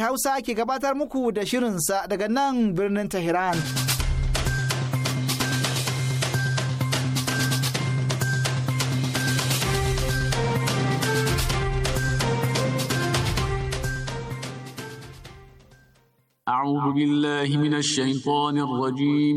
a ke hausa ke gabatar muku da shirinsa daga nan birnin tehran a cawabi biyar laifin na shimfonin wajen.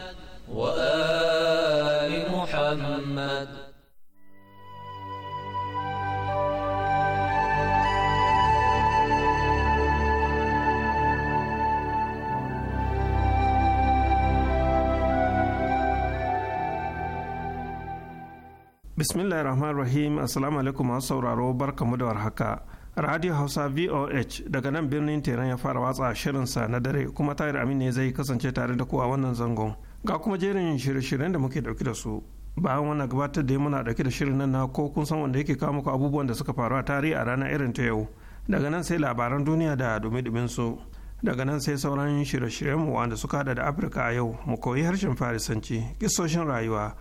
bismillahir rahmanir rahim assalamu alaikum masu sauraro barkamu da warhaka radio hausa voh daga nan birnin teran ya fara watsa shirinsa na dare kuma tayar amin ne zai kasance tare da ku a wannan zangon ga kuma jerin shirye-shiryen da muke dauki da su bayan wannan gabatar da muna dauke da shirin nan na ko kun san wanda yake kawo muku abubuwan da suka faru a tarihi a ranar irin ta yau daga nan sai labaran duniya da dumi-dumin su daga nan sai sauran shirye-shiryen mu wanda suka hada da afirka a yau mu koyi harshen farisanci kisoshin rayuwa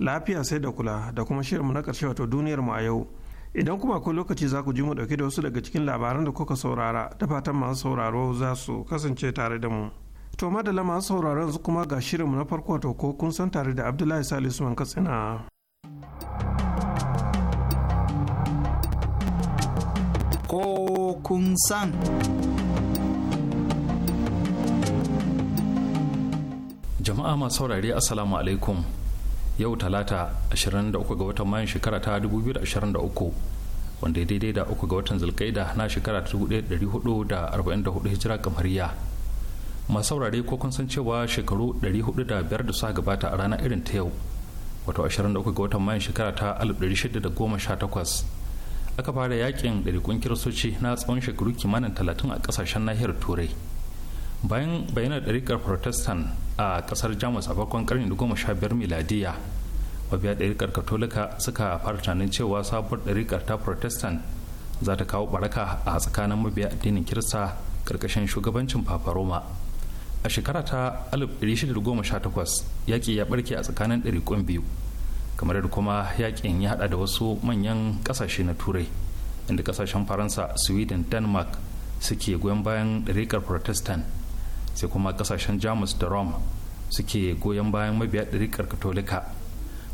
lafiya sai da kula da kuma shirinmu na ƙarshe wato duniyar mu a yau idan kuma akwai lokaci za ku ji mu dauke da wasu daga cikin labaran da kuka saurara da fatan masu sauraro za su kasance tare da mu to madalla masu sauraro yanzu kuma ga shirinmu na farko to ko kun san tare da abdullahi salisu man katsina ko kun san jama'a masu saurare assalamu alaikum yau talata 23 ga watan mayun shekara ta 2023 wanda ya daidai da uku ga watan zulkaida na shekara 1444 hijira kamariya masu saurare ko kun san cewa shekaru 405 da suka gabata a rana irin ta yau wato 23 ga watan mayun shekara ta 1618 aka fara yakin ɗarikun kiristoci na tsawon shekaru kimanin 30 a ƙasashen nahiyar turai bayan bayanar ɗarikar protestant a kasar jamus a farkon karni da goma sha biyar miladiya mabiya ɗarikar katolika suka fara tunanin cewa sabuwar ɗarikar ta protestant za ta kawo baraka a tsakanin mabiya addinin kirista ƙarƙashin shugabancin papa roma a shekara ta 1618 yaƙi ya ɓarke a tsakanin ɗarikun biyu kamar da kuma yaƙin ya haɗa da wasu manyan ƙasashe na turai inda ƙasashen faransa sweden denmark suke goyon bayan ɗarikar protestant sai kuma kasashen jamus da rome suke goyon bayan mabiya ɗarikar katolika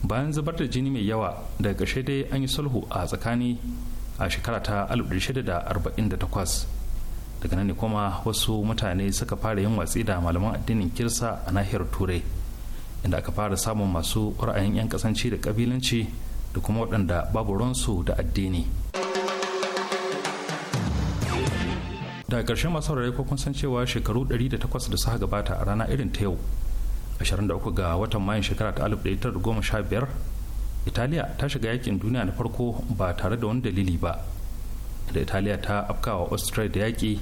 bayan zubar da jini mai yawa daga ƙarshe dai an yi sulhu a tsakani a shekara ta 1648 daga nan ne kuma wasu mutane suka fara yin watsi da malaman addinin kirsa a nahiyar turai inda aka fara samun masu ra'ayin 'yan kasanci da kabilanci da kuma waɗanda babu ransu da addini. da ƙarshen masu ko kun san cewa shekaru 108 da suka gabata a rana irin ta yau 23 ga watan mayun shekara ta 1915 italiya ta shiga yakin duniya na farko ba tare da wani dalili ba da italiya ta afkawa austria da yaƙi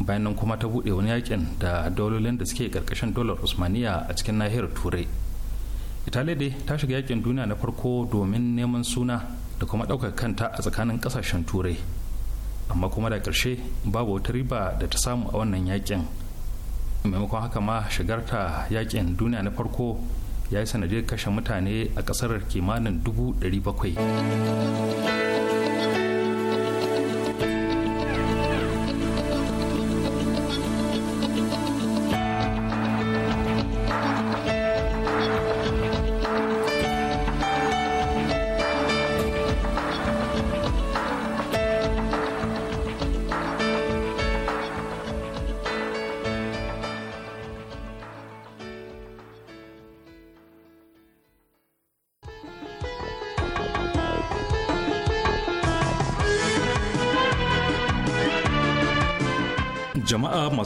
bayan nan kuma ta buɗe wani yakin da dalolin da suke ƙarƙashin dolar usmaniya a cikin nahiyar turai italiya dai ta shiga yakin duniya na farko domin neman suna da kuma ɗaukar kanta a tsakanin ƙasashen turai amma kuma da ƙarshe babu wata riba da ta samu a wannan yakin maimakon haka ma shigarta yakin duniya na farko ya yi sanadiyar kashe mutane a ƙasar kimanin dubu bakwai.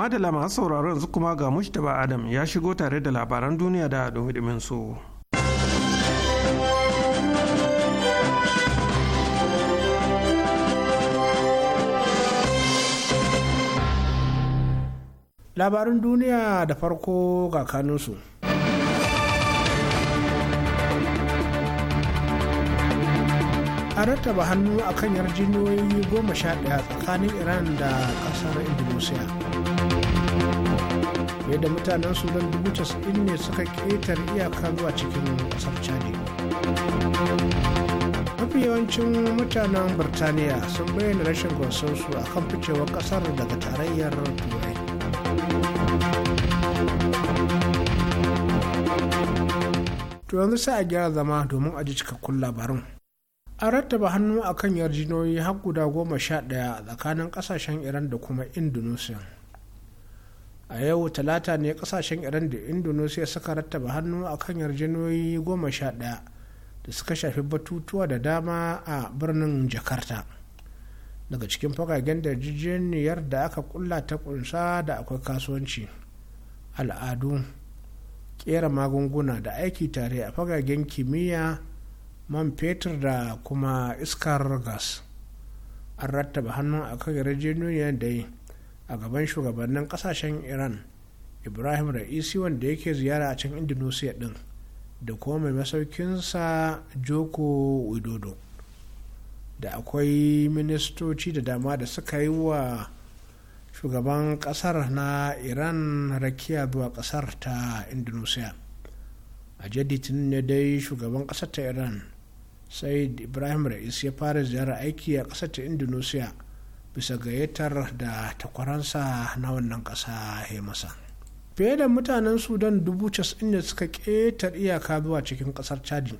madala masu sauraron yanzu kuma ga mushtaba adam ya shigo tare da labaran duniya da dumi su. labarin duniya da farko ga kanunsu an rattaba hannu a kan yarjiniyoyi goma sha ɗaya tsakanin iran da ƙasar indonesia fiye da mutanen sudan dubu casa'in ne suka ƙetare iyaka zuwa cikin kasar chadi mafi yawancin mutanen birtaniya sun bayyana rashin gonsansu a kan ficewar ƙasar daga tarayyar turai to yanzu sai a gyara zama domin a ji cikakkun labarin an rattaba hannu a kan yarjinoyi har guda goma sha ɗaya tsakanin kasashen iran da kuma indonesia a yau talata ne kasashen iran da indonesia suka rattaba hannu a kan yarjejeniyoyi goma sha ɗaya da suka shafi batutuwa da dama a birnin jakarta daga cikin fagagen da jijiyar da aka kulla ta kunsa da akwai kasuwanci al'adu kera magunguna da aiki tare a fagagen kimiyya man fetur da kuma iskar gas an rattaba hannu a kan yarjinoyi da yi a gaban shugabannin kasashen iran ibrahim ra'isi wanda yake ziyara a can indonesia din da kuma mai masaukinsa joko widodo da akwai ministoci da dama da suka yi wa shugaban kasar na iran rakiya zuwa kasar ta indonesia a jaditin ne dai shugaban kasar ta iran said ibrahim ra'isi ya fara ziyara aiki a kasar ta indonesia bisa gayyatar da takwaransa na wannan ƙasa ya masa fiye da mutanen sudan dubu casa'in da suka ƙetar iyaka zuwa cikin ƙasar Cadi.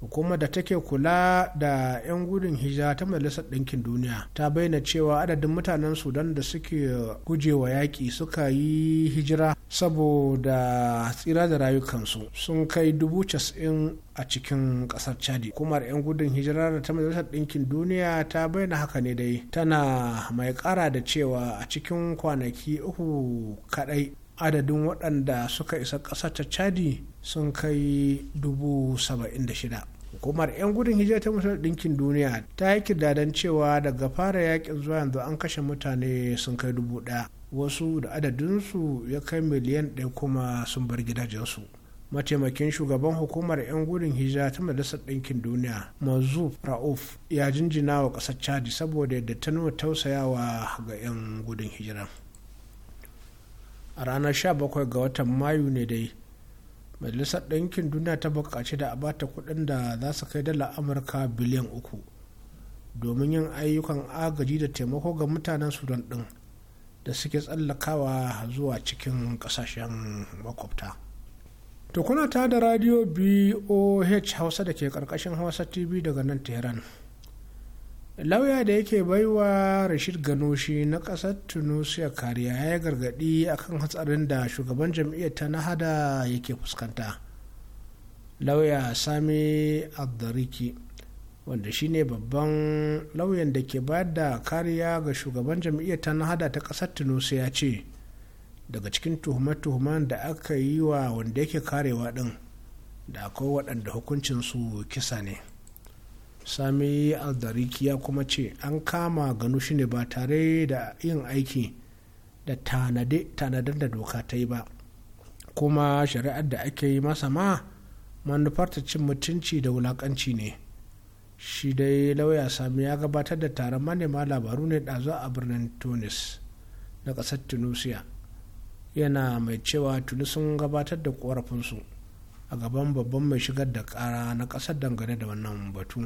hukumar da take kula da 'yan gudun hijira ta majalisar ɗinkin duniya ta bayyana cewa adadin mutanen sudan da suke gujewa yaƙi suka yi hijira saboda tsira da rayukansu sun kai dubu casa'in a cikin ƙasar chadi hukumar 'yan gudun hijira da ta majalisar ɗinkin duniya ta bayyana haka ne dai tana mai ƙara da cewa a cikin kwanaki uku kaɗai adadin waɗanda suka isa ƙasar ta chadi sun kai dubu saba'in da shida hukumar 'yan gudun hijira ta mutar ɗinkin duniya ta yi kirdadan cewa daga fara yakin zuwa yanzu an kashe mutane sun kai dubu ɗaya wasu da adadinsu ya kai miliyan ɗaya kuma sun bar gidajensu mataimakin shugaban hukumar 'yan gudun hijira ta majalisar ɗinkin duniya mazu ra'uf ya jinjina wa ƙasar chadi saboda yadda ta nuna tausayawa ga 'yan gudun hijira a ranar 17 ga watan mayu ne dai majalisar ɗinkin duniya ta buƙaci da a bata kuɗin da za su kai dala amurka biliyan uku domin yin ayyukan agaji da taimako ga mutanen sudan ɗin da suke tsallakawa zuwa cikin ƙasashen makwabta to kuna ta da radio boh hausa da ke ƙarƙashin hausa tv daga nan tehran lauya da yake baiwa rashid ganoshi na ƙasar tunisia kariya ya gargaɗi akan hatsarin da shugaban jam'iyyar ta nahada yake fuskanta lauya sami abdariki wanda shine babban lauyan da ke bayar da kariya ga shugaban jam'iyyar ta nahada ta ƙasar tunisia ce daga cikin tuhume-tuhumen da aka yi wa wanda yake karewa din da akwai waɗanda hukuncinsu kisa ne sami aldariki ya kuma ce an kama ganushi ne ba tare da yin aiki da tanadar da doka ta yi ba kuma shari'ar da ake yi masa ma manufarta cin mutunci da wulakanci ne shi dai lauya sami ya gabatar da taron manema labaru ne ɗazu a birnin tunis na ƙasar tunisia yana mai cewa tuni sun gabatar da korafinsu a gaban babban mai shigar da ƙara na ƙasar dangane da wannan batu.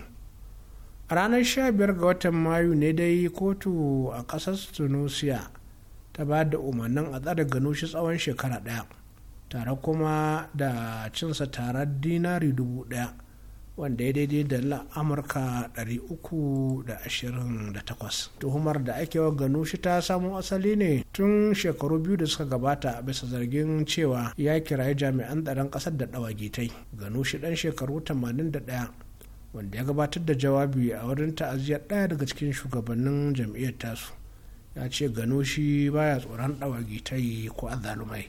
a ranar biyar ga watan mayu ne dai kotu a ƙasar tunisia ta ba da umarnin a tsare ganushi tsawon shekara ɗaya tare kuma da cinsa tare dinari dubu ɗaya wanda ya daidai da la amurka 328 tuhumar da ake wa ganushi ta samo asali ne tun shekaru biyu da suka gabata bisa zargin cewa ya kiraye jami'an tsaron ƙasar da gano ganushi ɗan shekaru 81 wanda ya gabatar da jawabi a wurin ta'aziyar ɗaya daga cikin shugabannin jam'iyyar tasu ya ce gano shi baya tsoron ɗawagi ta ko azalumai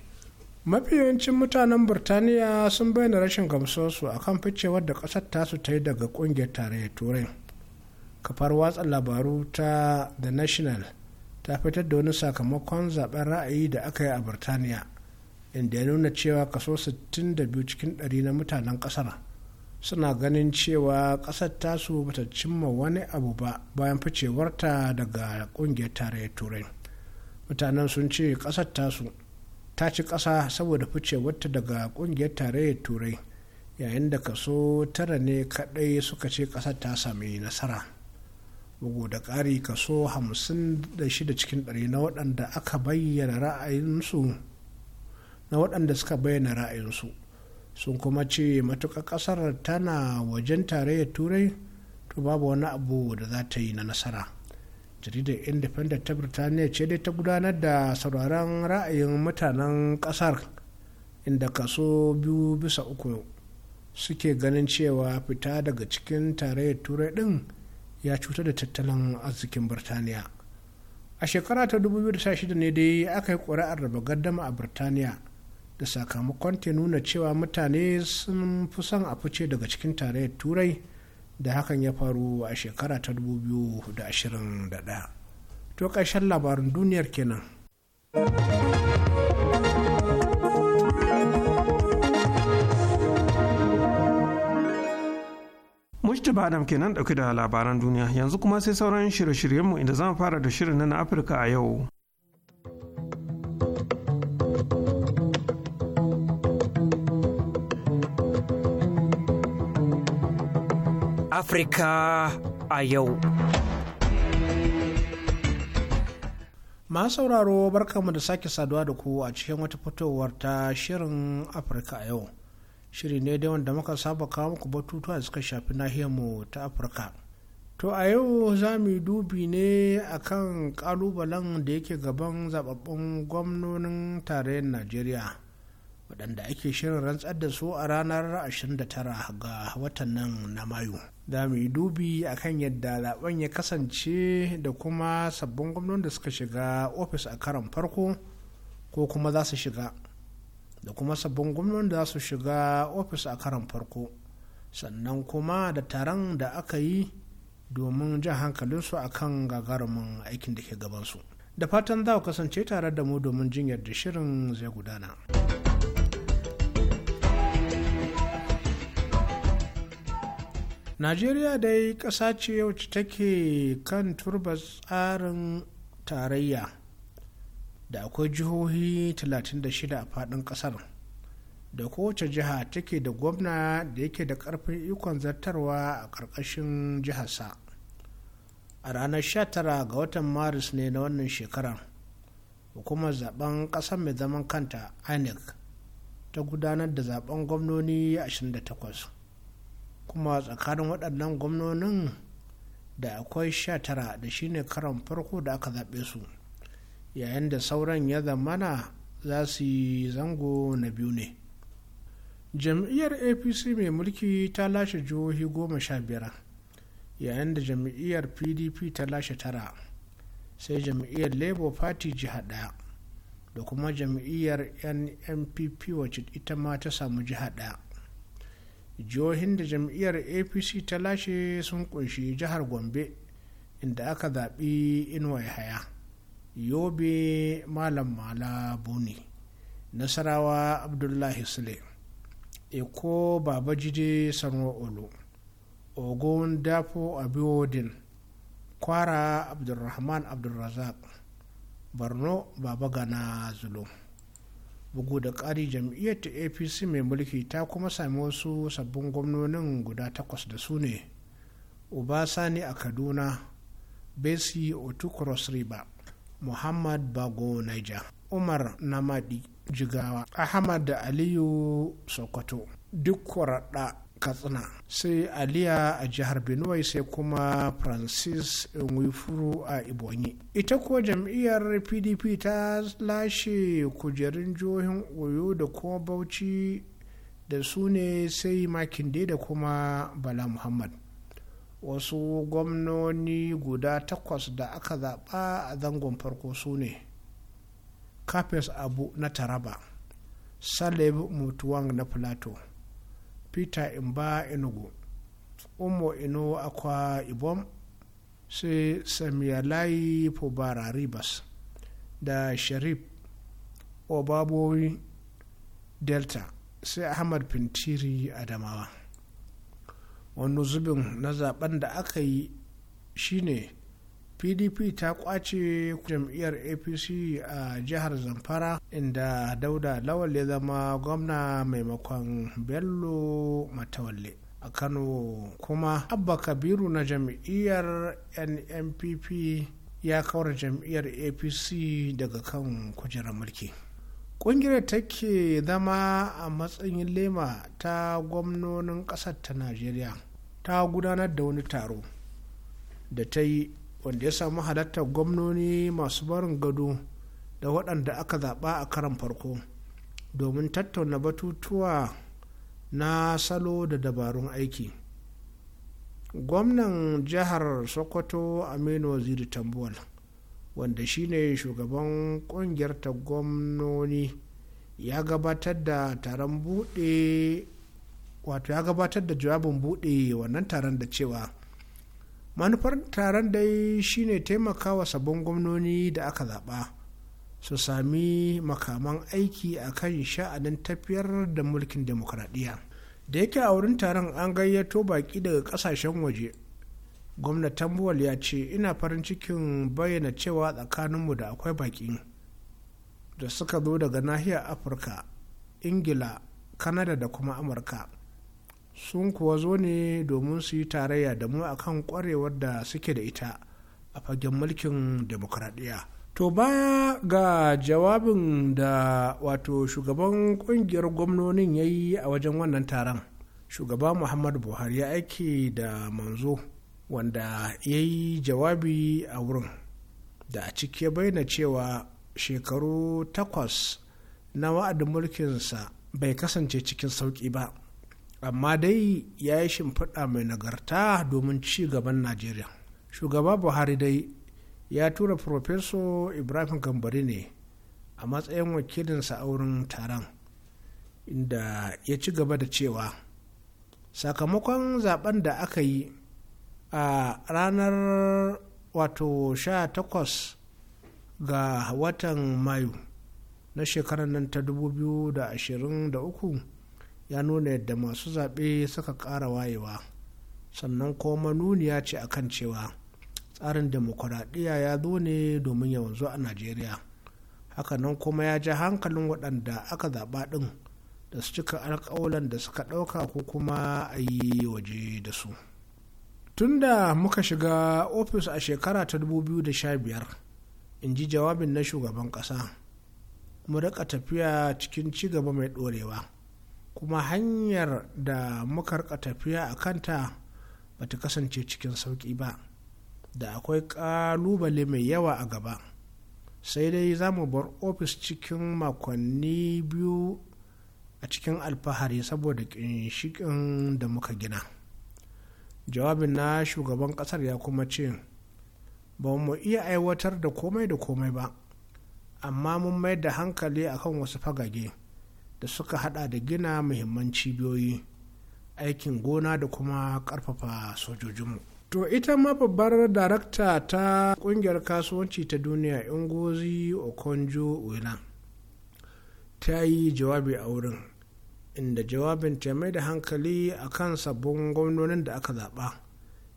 mafi mutanen burtaniya sun bayyana rashin gamsuwarsu a kan ficewar da ƙasar tasu ta yi daga ƙungiyar tarayyar turai kafar watsa labaru ta the national ta fitar da wani sakamakon zaben ra'ayi da aka yi a burtaniya inda ya nuna cewa kaso 62 cikin 100 na mutanen ƙasar suna ganin cewa ƙasar tasu bata cimma wani abu ba bayan ficewarta daga ƙungiyar tarayyar turai mutanen sun ce ƙasar tasu ta ci ƙasa saboda ficewarta daga ƙungiyar tarayyar turai yayin da kaso tara ne kaɗai suka ce ƙasar ta sami nasara bugu da ƙari kaso 56 cikin ɗari na waɗanda na waɗanda suka bayyana ra'ayinsu sun kuma ce matuƙa ƙasar tana wajen tarayyar turai to babu wani abu da za ta yi na nasara jaridar independent ta birtaniya ce dai ta gudanar da sauraron ra'ayin mutanen ƙasar inda kaso biyu bisa uku suke ganin cewa fita daga cikin tarayyar turai ɗin ya cutar da tattalin arzikin birtaniya a shekara ta 2016 ne dai aka yi ƙuri'ar raba gardama a birtaniya da sakamakon ta nuna cewa mutane sun fi son a fice daga cikin tarayyar turai da hakan ya faru a shekara ta 2021 to ƙarshen labarin duniyar kenan. Mujtaba Adam kenan dauke da labaran duniya yanzu kuma sai sauran shirye-shiryenmu inda zan fara da shirin na Afirka a yau. Afirka a yau. Masu sauraro barkanmu da sake saduwa da ku a cikin wata fitowar ta shirin Afirka a yau. Shiri ne dai wanda muka saba kawo muku batutuwa da suka shafi nahiyarmu ta Afirka. To a yau za mu yi dubi ne akan kalubalen da yake gaban zababbun gwamnonin tarayyar Najeriya. waɗanda ake shirin rantsar da su a ranar 29 ga watan nan na mayu da mu yi dubi akan yadda zaben ya kasance da kuma sabbin gwamnati da suka shiga ofis a karon farko ko kuma za su shiga da kuma sabbin gwamnati da za su shiga ofis a karon farko sannan kuma da taron da aka yi domin jan hankalinsu a kan gagarumin aikin da ke gabansu da fatan za ku kasance tare da mu domin jin yadda shirin zai gudana. najeriya dai ƙasa ce wacce take kan turba tsarin tarayya da akwai jihohi 36 a faɗin ƙasar da kowace jiha take da gwamna da yake da ƙarfin ikon zartarwa a ƙarƙashin jiharsa a ranar 19 ga watan maris ne na wannan shekarar hukumar zaben ƙasar mai zaman kanta inec ta gudanar da zaben gwamnoni 28 kuma tsakanin waɗannan gwamnonin da akwai sha tara da shine karon farko da aka zaɓe su yayin da sauran ya zamana za su yi zango na biyu ne jam'iyyar apc mai mulki ta lashe jihohi goma sha biyar yayin da jam'iyyar pdp ta lashe tara sai jam'iyyar labour party jiha ɗaya da kuma jam'iyyar nmpp wacce ita ma ta samu jiha ɗaya jihohin da jam'iyyar apc ta lashe sun kunshi jihar gombe inda aka zaɓi inuwa haya yobe malam mala buni nasarawa abdullahi sule eko babajide sanwo olu ogun dafo abiodin kwara abdulrahman abdulrazak barno baba gana zulum bugu da ƙari jam'iyyar ta apc mai mulki ta kuma sami wasu sabbin gwamnonin guda takwas da su ne obasani a kaduna besi otukros riba muhammad bago niger umar namadi jigawa ahmad da aliyu sokoto duk kwaraɗa katsina sai aliya a jihar benue sai kuma francis nwifuru a ibonyi ita kuwa jam'iyyar pdp ta lashe kujerun jihohin oyo da kuma bauchi da su ne sai makinde da kuma bala muhammad wasu gwamnoni guda takwas da aka zaɓa a zangon farko su ne kafes abu na taraba salib mutuwang na plateau peter imba inugu umo ino akwa ibom sai samiyalai fubara ribas da sharif obabowi delta sai ahmad fintiri adamawa wani zubin na zaben da aka yi shine pdp ta kwace jam'iyyar apc a jihar zamfara inda dauda lawal ya zama gwamna maimakon bello matawalle a kano kuma abba kabiru na jam'iyyar nnpp ya kawar jam'iyyar apc daga kan kujerar mulki ƙungiyar ta ke zama a matsayin lema ta gwamnonin ƙasar ta najeriya ta gudanar da wani taro da ta yi wanda ya samu halartar gwamnoni masu barin gado da waɗanda aka zaɓa a karan farko domin tattauna batutuwa na salo da dabarun aiki gwamnan jihar sokoto aminu waziri tambuwal wanda shine shugaban kungiyar ta gwamnoni ya gabatar da taron bude wato ya gabatar da jawabin bude wannan taron da cewa manufar taron dai shine taimakawa sabon gwamnoni da aka zaba su sami makaman aiki a kan sha'anin tafiyar da mulkin demokuraɗiyya da yake a wurin taron an gayyato baki daga ƙasashen waje gwamnatin buwal ya ce ina farin cikin bayyana cewa tsakaninmu da akwai baki da suka zo daga nahiyar afirka ingila kanada da kuma amurka sun kuwa zo ne domin su yi tarayya da mu akan kwarewar da suke da ita a fagen mulkin demokradiyya. To baya ga jawabin da wato shugaban kungiyar gwamnonin ya yi a wajen wannan taron, shugaba Muhammadu Buhari ya aiki da manzo wanda ya yi jawabi a wurin da a ciki ya bayyana cewa shekaru takwas na wa'adin mulkinsa bai kasance cikin sauƙi ba. amma dai ya yi shimfiɗa mai nagarta domin ci gaban najeriya shugaba buhari dai ya tura Profeso ibrahim gambari ne a matsayin wakilinsa a wurin taron inda ya ci gaba da cewa sakamakon zaben da aka yi a ranar wato 18 ga watan mayu na shekarar nan ta 2023 ya nuna yadda masu zaɓe suka ƙara wayewa sannan kuma nuniya ce a kan cewa tsarin demokuraɗiyya ya zo ne domin ya wanzu a najeriya hakanan kuma ya ji hankalin waɗanda aka zaɓa ɗin da su cika alƙawalan da suka ɗauka ko kuma a yi waje da su tunda muka shiga ofis a shekara ta 2015 in ji jawabin na shugaban ƙasa mu rika tafiya cikin ci gaba mai ɗorewa kuma hanyar da muka rika tafiya a kanta ba ta kasance cikin sauƙi ba da akwai ƙalubale mai yawa a gaba sai dai za mu bar ofis cikin makonni biyu a cikin alfahari saboda ƙinshiƙin da muka gina jawabin na shugaban ƙasar ya kuma ce ba mu iya aiwatar da komai da komai ba amma mun mai da hankali akan wasu fagage. da suka hada da gina muhimman cibiyoyi aikin gona da kuma karfafa sojojinmu to ita ma babbar darakta ta kungiyar kasuwanci ta duniya ingozi okonjo wela ta yi jawabi a wurin inda jawabin ta mai da hankali a kan sabbin gwamnonin da aka zaɓa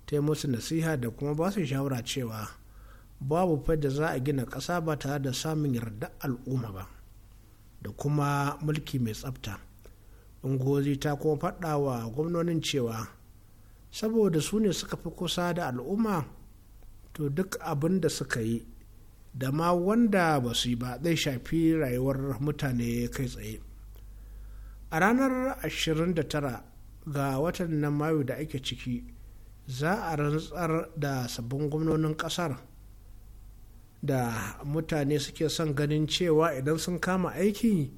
ta yi musu nasiha da kuma ba su shawara cewa babu fadda za a gina ƙasa ba tare da samun yarda al'umma ba da kuma mulki mai tsabta ungozi ta kuma faɗa wa gwamnonin cewa saboda su ne suka fi kusa da al'umma to duk abin da suka yi da ma wanda ba su yi ba zai shafi rayuwar mutane kai tsaye a ranar 29 ga watan nan mayu da ake ciki za a rantsar da sabbin gwamnonin kasar da mutane suke son ganin cewa idan sun kama aiki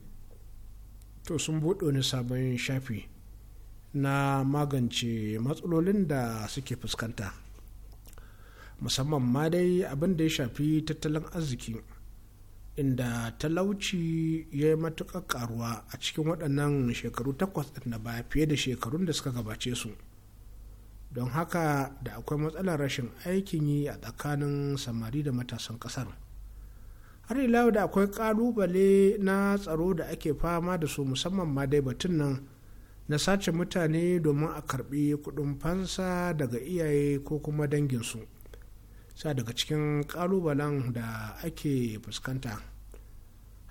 to sun buɗe wani sabon shafi na magance matsalolin da suke fuskanta musamman ma dai abin da ya shafi tattalin arziki inda talauci ya yi matuƙar karuwa a cikin waɗannan shekaru takwas na baya fiye da shekarun da suka gabace su. don haka da akwai matsalar rashin aikin yi a tsakanin samari da matasan kasar har ila da akwai kalubale na tsaro da ake fama da su musamman ma dai batun nan na sace mutane domin a karbi kudin fansa daga iyaye ko kuma danginsu sa daga cikin kalubalen da ake fuskanta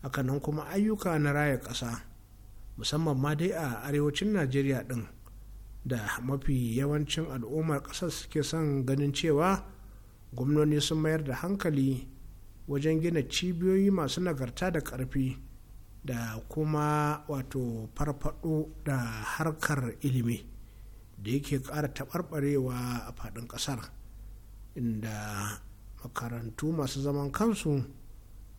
hakanan kuma ayyuka na raya ƙasa musamman ma dai a arewacin najeriya din. da mafi yawancin al'ummar ƙasar suke son ganin cewa gwamnoni sun mayar da hankali wajen gina cibiyoyi masu nagarta da ƙarfi da kuma wato farfaɗo da harkar ilimi da yake ƙara taɓarɓarewa a faɗin ƙasar inda makarantu masu zaman kansu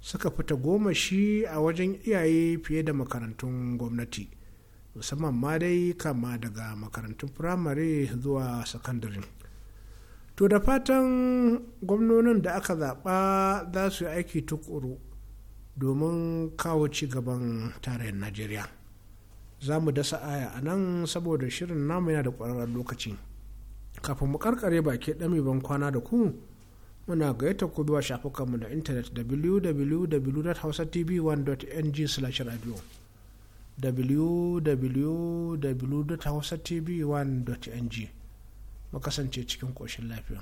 suka fita goma shi a wajen iyaye fiye da makarantun gwamnati. musamman ma dai kama daga makarantun firamare zuwa sakandare to da fatan gwamnonin da aka zaɓa za su yi aiki tukuru domin kawo ci gaban tarayyar najeriya za mu dasa aya a nan saboda shirin namu yana da ƙwararren lokaci kafin mu karkare baki ɗami ban kwana da ku muna gayyata ku zuwa shafukanmu na intanet www.hausatv1.ng/radio www.hausatv1.ng mu kasance cikin koshin lafiya.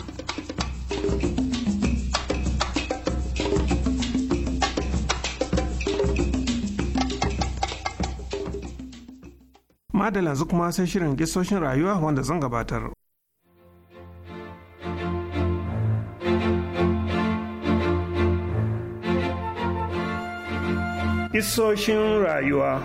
Madala yanzu kuma sai shirin gisoshin rayuwa wanda zan gabatar. Isoshin rayuwa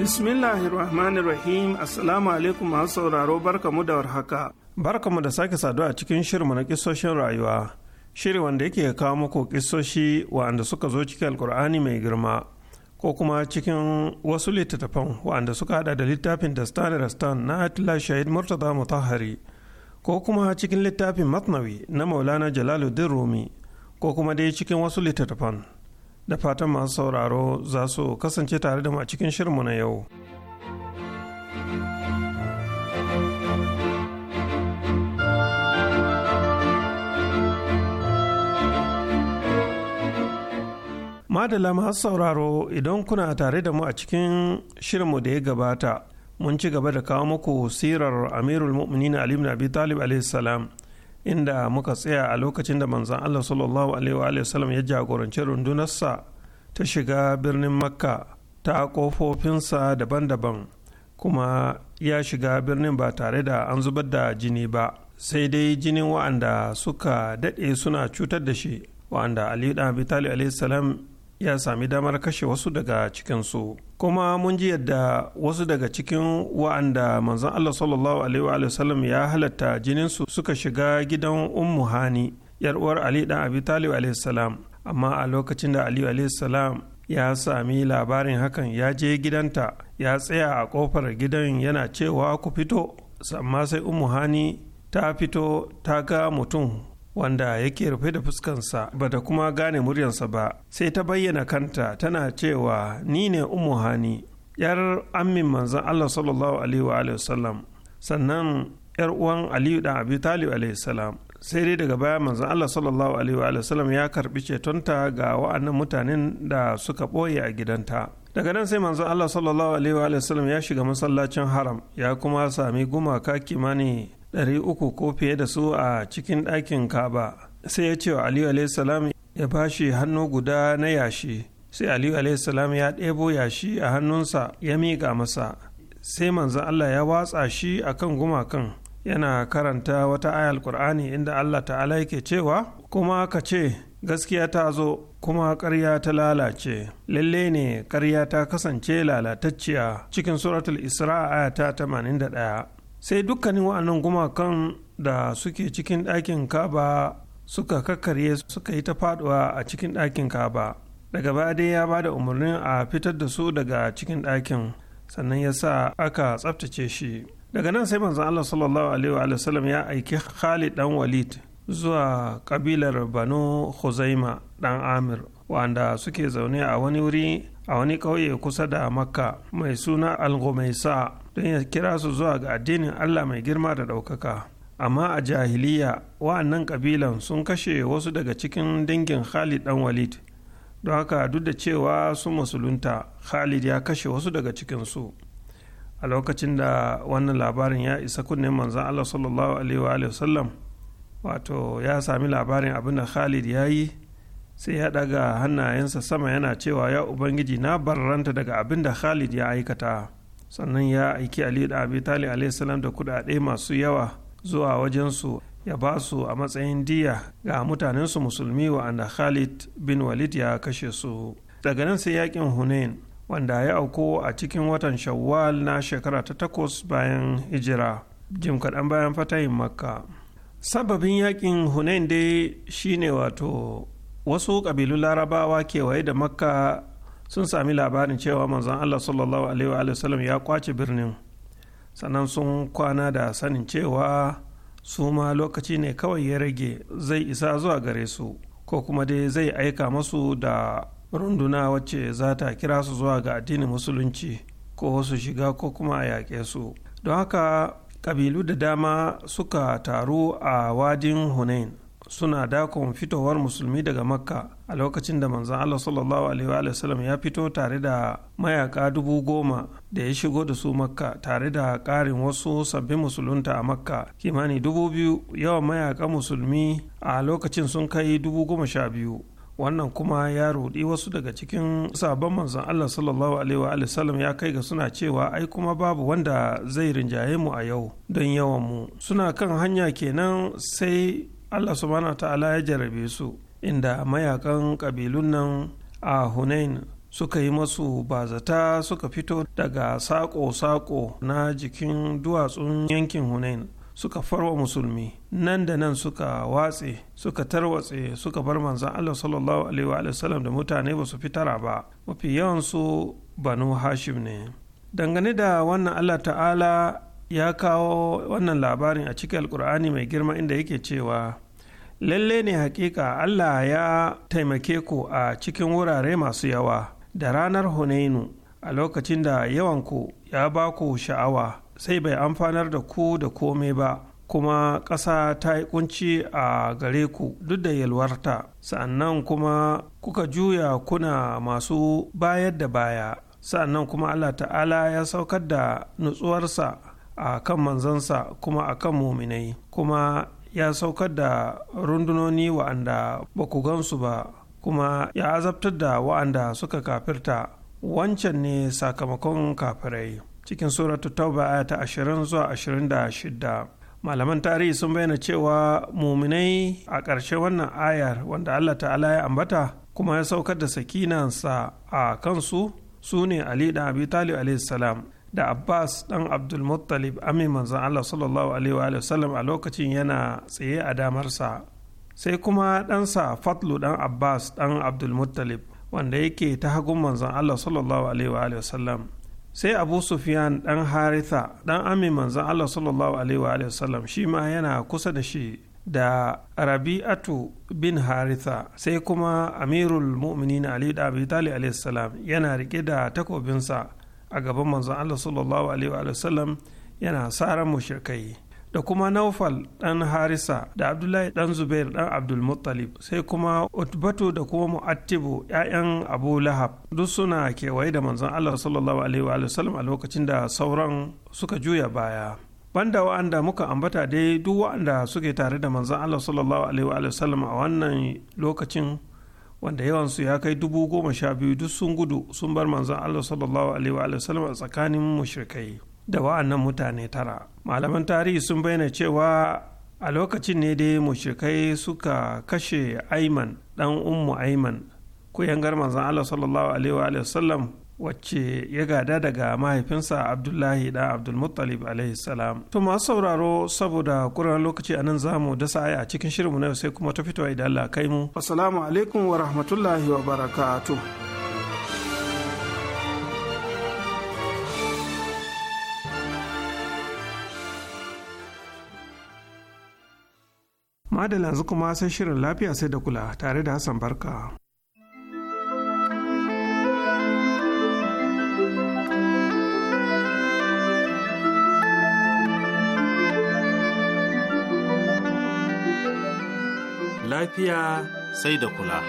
Bismillahirrahmanirrahim Assalamu alaikum masu sauraro barkamu da warhaka. Barkamu da sake saduwa a cikin shirinmu na kisoshin rayuwa. Shiri wanda yake kawo muku kisoshi wa'anda suka zo cikin alkur'ani mai girma ko kuma cikin wasu littattafan wa'anda suka hada da littafin Dastan Rastan na Atila Shahid Murtaza Mutahari ko kuma cikin littafin Matnawi na Maulana Jalaluddin Rumi ko kuma dai cikin wasu littattafan. da fatan masu sauraro za su kasance tare da mu a cikin shirinmu na yau. Madala masu sauraro idan kuna tare da mu a cikin shirinmu da ya gabata mun ci gaba da kawo muku sirar amirul mu'minin Ali ibn Abi Talib alaihi inda muka tsaya a lokacin da manzan Allah sallallahu alaihi ya jagoranci rundunarsa ta shiga birnin makka ta kofofinsa daban-daban kuma ya shiga birnin ba tare da an zubar da jini ba sai dai jinin wa'anda suka daɗe suna cutar da shi wa'anda ali ɗan abi talib ya sami damar kashe wasu daga cikinsu. kuma mun ji yadda wasu daga cikin wa'anda manzon Allah sallallahu alaihi wa sallam ya halatta jininsu suka shiga gidan ummu hani yar uwar Ali dan Abi Talib alaihi salam amma a lokacin da Ali alaihi salam ya sami labarin hakan ya je gidanta ya tsaya a kofar gidan yana cewa ku fito amma sai ummu hani ta fito ta ga mutum wanda yake rufe da fuskansa ba ta kuma gane muryansa ba sai ta bayyana kanta tana cewa ni ne umu hani yar ammin manzan allah sallallahu alaihi wa wasallam sannan yar uwan aliyu dan abi talib alaihi salam sai dai daga baya manzan allah sallallahu alaihi wa wasallam ya karbi cetonta ga wa'annan mutanen da suka ɓoye a gidanta daga nan sai manzan Allah sallallahu alaihi wa wasallam ya shiga masallacin haram ya kuma sami gumaka kimani uku ko fiye da su a cikin ɗakin kaba sai ya ce wa aliyu salam ya bashi hannu guda na yashi sai aliyu salam ya ɗebo yashi a hannunsa ya miƙa masa sai manzan allah ya watsa shi a kan gumakan yana karanta wata ayal qur'ani inda allah ta'ala yake cewa kuma ka ce gaskiya ta zo kuma karya ta lalace lalle ne ƙarya ta kasance lalatacciya cikin suratul isra aya ta 81 sai dukkanin wa'annan gumakan da suke cikin ɗakin kaba suka kakkarye suka yi ta faduwa a cikin ɗakin kaba daga baya dai ya ba da umarnin a fitar da su daga cikin ɗakin sannan ya sa aka tsaftace shi daga nan sai manzon Allah sallallahu alaihi wa sallam ya aiki Khalid dan Walid zuwa kabilar Banu Khuzaima dan Amir wanda suke zaune a wani wuri a wani kauye kusa da Makka mai suna al don ya kira su zuwa ga addinin Allah mai girma da ɗaukaka. Amma a jahiliya wa'annan ƙabilan sun kashe wasu daga cikin dangin Khalid ɗan Walid. Don haka duk da cewa su musulunta Khalid ya kashe wasu daga cikinsu. A lokacin da wannan labarin ya isa kunnen manzan Allah sallallahu alaihi wa sallam wato ya sami labarin abin da Khalid ya yi sai ya daga hannayensa sama yana cewa ya Ubangiji na barranta daga abin da Khalid ya aikata. sannan ya aiki aliyu da abi talib alaihissalam da kudade masu yawa zuwa wajensu ya ba su a matsayin diya ga mutanensu musulmi wa'anda khalid bin walid ya kashe su daga nan sai yakin hunain wanda ya auko a cikin watan shawwal na shekara ta takwas bayan hijira jim kaɗan bayan fatayin makka sababin yakin hunain dai shine wato wasu kabilu larabawa kewaye da makka sun sami labarin cewa manzon Allah sallallahu alaihi wa sallam ya kwace birnin sannan sun kwana da sanin cewa su ma lokaci ne kawai ya rage zai isa zuwa gare su ko kuma dai zai aika masu da runduna wacce za ta kira su zuwa ga addinin musulunci ko su shiga ko kuma a yaƙe su don haka kabilu da dama suka taru a wadin hunain suna dakon fitowar musulmi daga makka a lokacin da manzon Allah sallallahu alaihi wa sallam ya fito tare da mayaka dubu goma da ya shigo da su makka tare da ƙarin wasu sabbin musulunta a makka kimani dubu biyu yawan mayaka musulmi a lokacin sun kai dubu goma sha biyu wannan kuma ya rudi wasu daga cikin sabon manzon Allah sallallahu alaihi wa sallam ya kai ga suna cewa ai kuma babu wanda zai rinjaye mu a yau don yawan mu suna kan hanya kenan sai Allah subhanahu ta'ala ya jarabe su inda mayakan ƙabilun nan a hunain suka yi masu bazata suka fito daga sako-sako na jikin duwatsun yankin hunain suka farwa musulmi nan da nan suka watse suka tarwatse suka bar manzan Allah sallallahu alaihi wa da mutane ba su fitara ba mafi yawansu banu hashim ne dangane da wannan Allah ta'ala ya kawo wannan labarin a cikin alkur'ani mai girma inda yake cewa lalle ne hakika Allah ya taimake ku a cikin wurare masu yawa da ranar Hunainu a lokacin da yawanku ya ba ku sha'awa sai bai amfanar da ku da kome ba kuma ƙasa ta yi kunci a gare ku duk da yalwarta sannan kuma kuka juya kuna masu bayar da baya sannan kuma Allah ta'ala ya saukar da nutsuwarsa a kan manzansa kuma a kan muminai kuma ya saukar da rundunoni wa'anda ba ku gansu ba kuma ya azabtar da wa'anda suka kafirta wancan ne sakamakon kafirai cikin suratu tauba aya ta ashirin zuwa ashirin da 26 malaman tarihi sun bayyana cewa muminai a ƙarshe wannan ayar wanda allah ta'ala ya ambata kuma ya saukar da sakinansa a kansu su ne ali da abi talib salam da abbas dan abdulmuttalib ami manzon allah sallallahu alaihi wa sallam a lokacin yana tsaye a damarsa sai kuma ɗansa fatlu dan abbas dan abdulmuttalib wanda yake ta hagun manzon allah sallallahu alaihi wa sallam sai abu sufyan dan haritha dan ami manzon allah sallallahu alaihi wa sallam shi ma yana kusa da shi da rabi'atu bin haritha sai kuma amirul mu'minin ali da abi talib alaihi salam yana rike da takobinsa a gaban manzon Allah sallallahu alaihi wa sallam yana tsara mu shirkai da kuma naufal dan harisa da abdullahi dan zubair dan abdulmuttalib sai kuma utbatu da kuma mu'attibu ya'yan abu lahab duk suna kewaye da manzon allah sallallahu alaihi wa sallam a lokacin da sauran suka juya baya banda wa'anda muka ambata dai duk wa'anda suke tare da manzon allah sallallahu alaihi wa sallam a wannan lokacin wanda yawansu ya kai dubu goma sha biyu duk sun gudu sun bar manzon Allah sallallahu alaihi wa sallam a tsakanin mushrikai da wa'annan mutane tara malaman tarihi sun bayyana cewa a lokacin ne dai mushrikai suka kashe aiman dan ummu aiman kuyangar manzon Allah sallallahu alaihi wa sallam wacce ya gada daga mahaifinsa abdullahi da abdulmuttalib salam. to masu sauraro saboda kuran lokaci a anan zamu dasa aya a cikin shirinmu na yau sai kuma ta fito idan Allah kai mu assalamu alaikum wa rahmatullahi wa barakatuh madalla yanzu kuma sai shirin lafiya sai da kula tare da hassan barka lafiya sai da kula.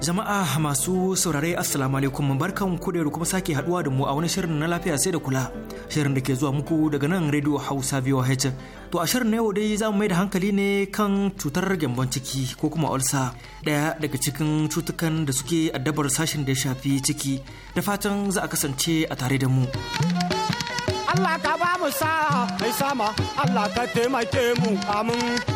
Jama'a masu saurare Assalamu alaikum barkan ku da kuma sake haduwa da mu a wani shirin na lafiya sai da kula shirin da ke zuwa muku daga nan Radio Hausa VOH. To a shirin na yau dai za mu mai da hankali ne kan cutar gyambon ciki ko kuma ulsa daya daga cikin cutukan da suke addabar sashen da ya shafi ciki da fatan za a kasance a tare da mu. Allah ka ba mu sa mai sama Allah ka taimake mu amin.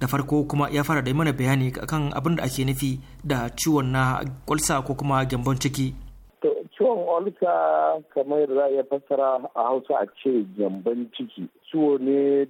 da farko kuma ya fara da mana bayani kan abin da ake nufi da ciwon na kwalsa ko kuma gyambon ciki ciwon olsa kamar da za a iya fassara a hausa a ce gyambon ciki ciwo ne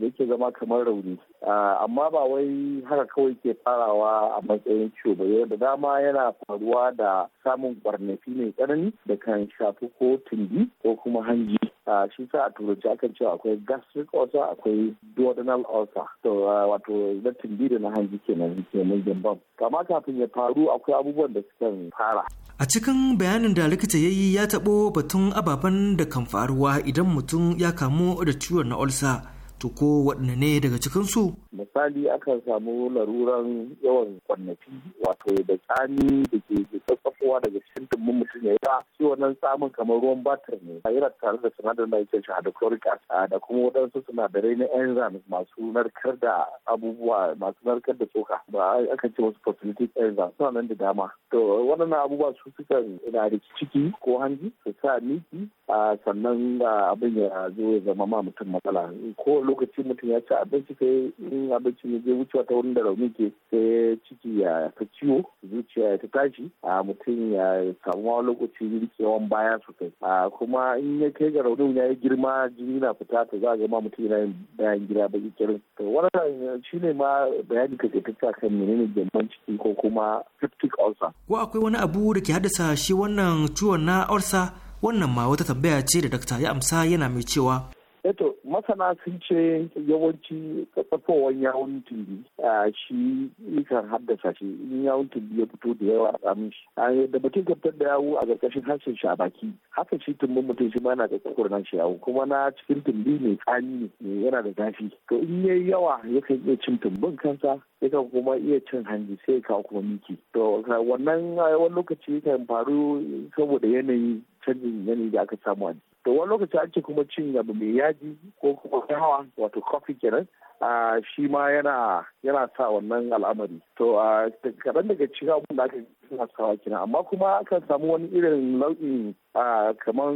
da yake zama kamar rauni ah, amma ba wai haka kawai ke farawa a matsayin ciwo ba da dama yana faruwa da samun kwarnafi mai tsanani da kan shafi ko tumbi ko kuma hanji ah, shi sa a turanci akan cewa akwai gastric ulcer akwai duodenal ulcer to ah, wato na tumbi da na hanji kenan kenan jambam kama kafin ya faru akwai abubuwan da suka fara a cikin bayanin da likita ya yi ya taɓo batun ababen da kan faruwa idan mutum ya kamu da ciwon No olsa to ko ne daga cikinsu? Misali akan samu laruran yawan kwanaki wato da tsani da ke tsatsafowa daga cikin dumbin mutum ya yawa shi wannan samun kamar ruwan batir ne a yana tare da sinadarin da ake chloric acid da kuma waɗansu sinadarai na enzymes masu narkar da abubuwa masu narkar da tsoka ba aka ce wasu phosphatic enzymes suna nan da dama to waɗannan abubuwa su sukan na da ciki ko hanji su sa miki sannan abin ya zo ya zama ma mutum matsala ko wani lokaci mutum ya ci abinci sai in abincin ya je wucewa ta wurin da rauni ke sai ciki ya ta ciwo zuciya ya ta tashi a mutum ya samu wani lokaci rikewan baya sosai a kuma in ya kai ga raunin ya yi girma jini na fita ta za a ga mutum yana yin bayan gida baki kirin to wannan shine ma bayani ka ta kan menene gyamban ciki ko kuma septic ulcer ko akwai wani abu da ke haddasa shi wannan ciwon na ulcer wannan ma wata tambaya ce da dakta ya amsa yana mai cewa Eto masana sun ce yawanci tsafowar yawon tumbi a shi kan haddasa shi in yawon tumbi ya fito da yawa a tsamin shi. Da mutum kaftar da yawo a ƙarƙashin harshen shi a baki haka shi tumbin mutum shi ma yana da kurnan shi yawo kuma na cikin tumbi mai tsani ne yana da zafi. To in yi yawa ya kan iya cin tumbin kansa yakan kuma iya cin hanji sai ya kawo kuma miki. To wannan wani lokaci kan faru saboda yanayi canjin yanayi da aka samu a to wani lokaci an ce kuma cin abu mai yaji ko kuma yawa wato kofi kenan a shi ma yana sa wannan al'amari to a kaɗan daga cikin abubuwan da aka suna sawa kenan amma kuma akan samu wani irin nau'in kamar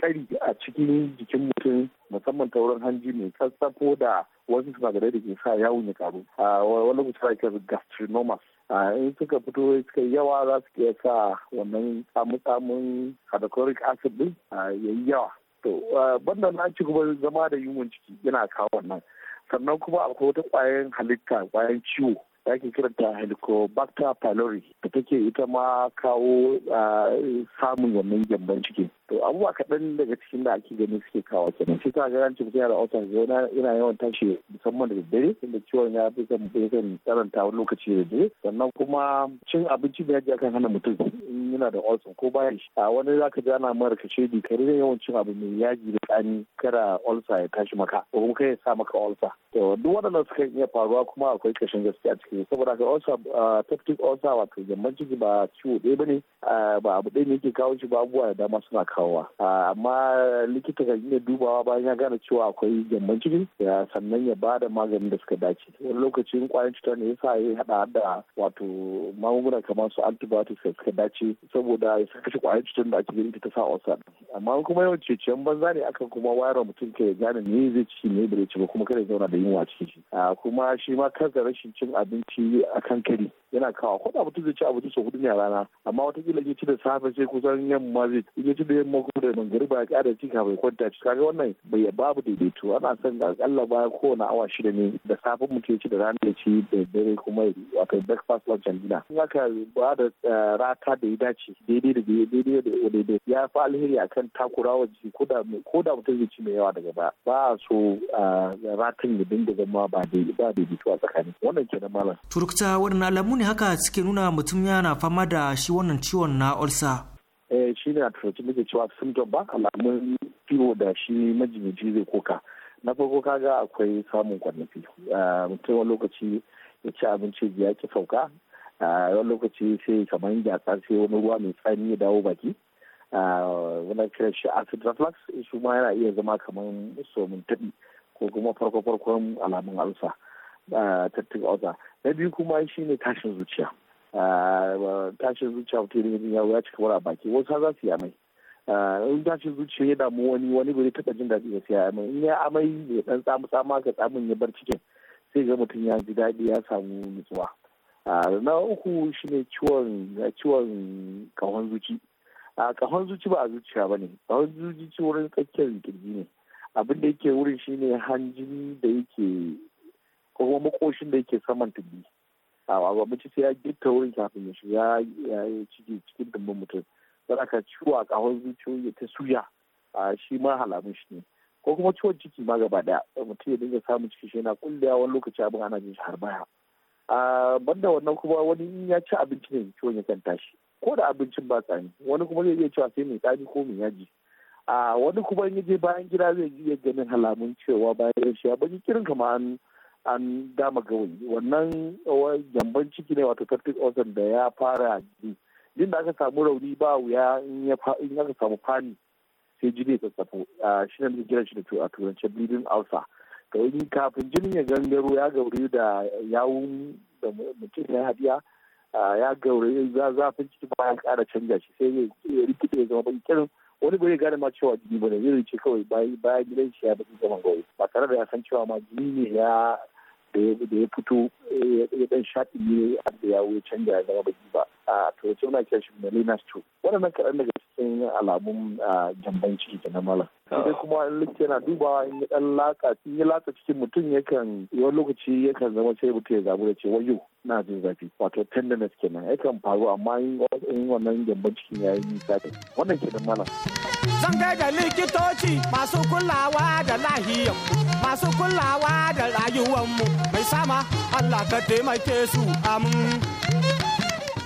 kari a cikin jikin mutum musamman ta wurin hanji mai sassafo da wasu sinadarai da ke sa yawon ya karu a wani lokaci ake gastrinomas a in suka fito suka yawa za su iya sa wannan tsamu-tsamun hydrochloric acid din ya yi yawa to banda na ci gaba zama da yiwuwan ciki yana kawo wannan sannan kuma akwai wata kwayan halitta kwayan ciwo da ake kiranta helicobacter pylori da take ita ma kawo samun wannan gyamban ciki to abubuwa kaɗan daga cikin da ake gani suke kawo kenan shi ta ga ranci mutum yana zona yana yawan tashi musamman da daddare inda ciwon ya fi kan karanta wani lokaci da daddare sannan kuma cin abinci da yaji akan hana mutum in yana da olson ko baya shi a wani za ka ana mara ka ce bi rage yawancin abu mai yaji da tsani kara olsa ya tashi maka ko kuma kai ya sa maka olsa to duk wannan suka iya faruwa kuma akwai kashin gaskiya cikin saboda ka olsa tactic olsa wato jamban ciki ba ciwo ɗaya bane ba abu ɗaya ne yake kawo shi ba abubuwa da dama suna kawowa amma likita kan iya dubawa bayan ya gane cewa akwai jamban ciki sannan ya ba da maganin da suka dace wani lokacin kwayan cutar ne sa ya haɗa da wato magunguna kamar su antibiotics da suka dace saboda ya saka shi kwayar cutar da ake gani ta sa osa amma kuma yawan ceciyar banza ne akan kuma wayar mutum ka ya gane me zai ci ne bai ci ba kuma kada ya zauna da yunwa cikin shi kuma shi ma kansa rashin cin abinci akan kari yana kawo ko da mutum zai ci abinci sau hudu ne a rana amma kila ya ci da safe sai kusan yamma zai ya ci da yamma kuma da mangariba ya kada ci kafin kwanta ci kaga wannan bai babu daidaito ana son akalla baya kowane awa shida ne da safe mutum ya ci da rana ya ci da dare kuma wato breakfast lunch and dinner in aka ba da eh, rata da ya dace daidai da daidai da daidai ya fi alheri akan takurawa jiki ko da mutum zai ci mai yawa daga baya ba a so eh, ratan ya dinga zama ba daidaito a tsakani wannan da malam turkta waɗannan alamu ne haka suke nuna mutum yana fama da shi wannan ciwon na ulsa. eh shi ne a turanci muke cewa symptom ba alamun ciwo da shi majinyaci zai koka na farko kaga akwai samun kwanafi ah, mutum wani lokaci ya ci abinci ya ki sauka ah, wani lokaci sai kamar gyasa sai wani ruwa mai tsani ya dawo baki ah, wani kiran shi acid reflux shi ma yana iya zama kamar somin ko kuma farko-farkon alamun alsa tattaka oza na biyu kuma shi ne tashin zuciya tashin zuciya mutum da ya wuya cika wara baki wasu za su yi amai in tashin zuciya ya damu wani wani bai taɓa jin daɗi ya siya amai in ya amai ya ɗan tsamu tsamu ka tsamun ya bar cikin sai ga mutum ya ji daɗi ya samu nutsuwa na uku shine ciwon ciwon kahon zuci kahon zuci ba a zuciya ba ne kahon zuci wurin tsakiyar kirji ne abin da yake wurin shine hanjin da yake ko kuma makoshin da yake saman tubi a abinci sai ya gitta wurin kafin ya shiga ya yi ciki cikin dumbin mutum don aka ciwo a kahon zuciyoyi ta suya a shi ma halamun shi ne ko kuma ciwon ciki ma gaba daya mutum ya dinga samun ciki shi yana kullewa wani lokaci abin ana jin shi har baya a banda wannan kuma wani in ya ci abinci ne ciwon kan tashi ko da abincin ba tsani wani kuma zai iya cewa sai mai tsani ko mai yaji a wani kuma in je bayan gida zai iya ganin halamun cewa bayan shi ya bari kirin kamar an an dama gawai wannan jamban ciki ne wato peptic ulcer da ya fara jini din da aka samu rauni ba wuya in aka samu fani sai jini ya tsatsafo shi ne kiran shi da a turance bleeding ulcer to in kafin jinin ya gangaro ya gauri da yawun da mutum ya hadiya ya gauri zafin ciki ba ya kara canja shi sai ya rikide ya zama ba kirin wani bai gane ma cewa jini bane zai ce kawai bayan gidan shi ya bata zaman gauri ba tare da ya san cewa ma jini ne ya da ya fito ya dan shaɗi ne da ya ya canja ya zama baki ba a turanci muna kiran shi melina wannan nan kaɗan daga cikin alamun jambanci ciki na mala sai kuma in likita yana dubawa in ya dan laka in ya laka cikin mutum yakan wani lokaci yakan zama sai mutum ya zabu da ce wayo na jin zafi wato tenderness kenan yakan faru amma in wannan jambancin ya yi nisa wannan kenan mala. zan da likitoci masu kulawa da lahiya, masu kulawa da mu mai sama Allah ka taimake su amin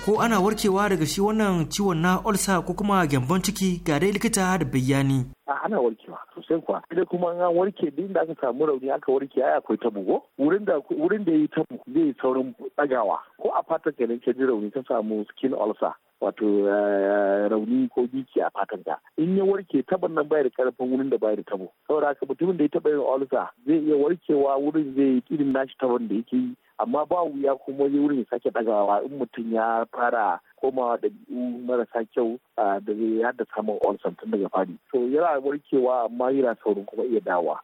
ko ana warkewa daga shi wannan ciwon na olsa ko kuma gyambon ciki ga dai likita da bayani. A ana warkewa sosai kuwa. Idan kuma an warke duk da aka samu rauni aka warke ai akwai tabo ko wurin da wurin da yi tabo zai yi saurin tsagawa ko a fatar kenan ka ji rauni ta samu skin ulcer. wato eh, rauni ko biki a fatan ka in ya warke taban nan bai da karfin wurin da bai da tabo saboda haka mutumin da ya taba yin ulcer zai iya warkewa wurin zai yi irin nashi taban da yake yi amma ba wuya kuma yi wurin sake ɗagawa in mutum ya fara komawa da marasa kyau da zai hada samun olson tun daga fari to yana warkewa amma yana saurin kuma iya dawa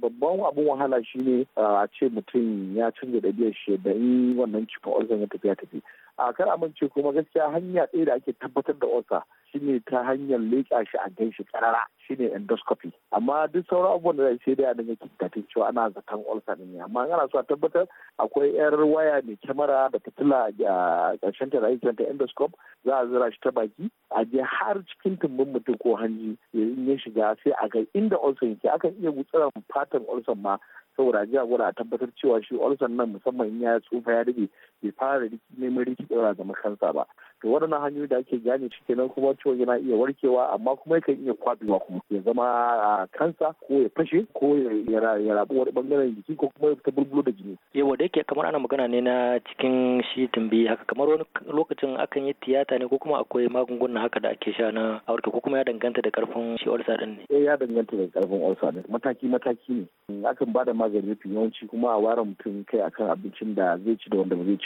babban abun wahala shine a ce mutum ya canza biyar shi da in wannan cikin olson ya tafi tafi a kar amince kuma gaskiya hanya ɗaya da ake tabbatar da osa shine ta hanyar leƙa shi a ganshi karara shine endoscopy amma duk sauran abubuwan da zai sai dai a dinga kintatin cewa ana zaton ulcer din ne amma ana so a tabbatar akwai yar waya mai kyamara da fitila a ƙarshen ta da ta endoscope za a zira shi ta baki a je har cikin tumbin mutum ko hanji in ya shiga sai a ga inda ulcer yake akan iya gutsiran fatan ulcer ma saboda a gwada a tabbatar cewa shi ulcer nan musamman in ya tsufa ya dade bai fara neman rikidewa ga makansa ba to waɗannan hanyoyi da ake gane shi kenan kuma ciwo yana iya warkewa amma kuma yakan iya kwabewa kuma ya zama a kansa ko ya fashe ko ya rabu wani bangaren jiki ko kuma ya bulbulo da jini. yawa da yake kamar ana magana ne na cikin shi tumbi haka kamar wani lokacin akan yi tiyata ne ko kuma akwai magungunan haka da ake sha na aurka ko kuma ya danganta da karfin shi ulcer din ne. eh ya danganta da karfin ulcer din mataki mataki ne akan ba da magani mafi yawanci kuma a ware mutum kai akan abincin da zai ci da wanda ba zai ci